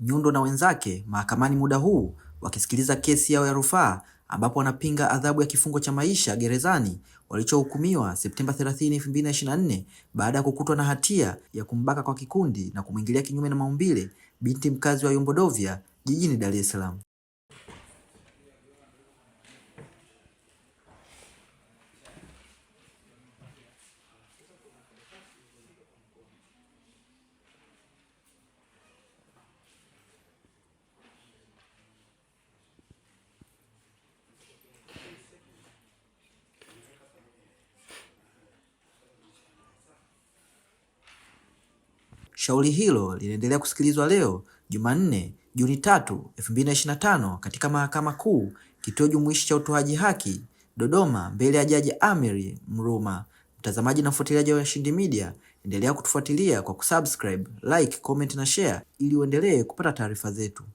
Nyundo na wenzake mahakamani muda huu wakisikiliza kesi yao ya rufaa ambapo wanapinga adhabu ya kifungo cha maisha gerezani walichohukumiwa Septemba 30, 2024 baada ya kukutwa na hatia ya kumbaka kwa kikundi na kumwingilia kinyume na maumbile binti mkazi wa Yombo jijini Dar es Salaam. Shauri hilo linaendelea kusikilizwa leo Jumanne, Juni 3, 2025 katika Mahakama Kuu Kituo Jumuishi cha Utoaji Haki Dodoma, mbele ya Jaji Amiri Mruma. Mtazamaji na mfuatiliaji wa Washindi Media, endelea kutufuatilia kwa kusubscribe, like, comment na share ili uendelee kupata taarifa zetu.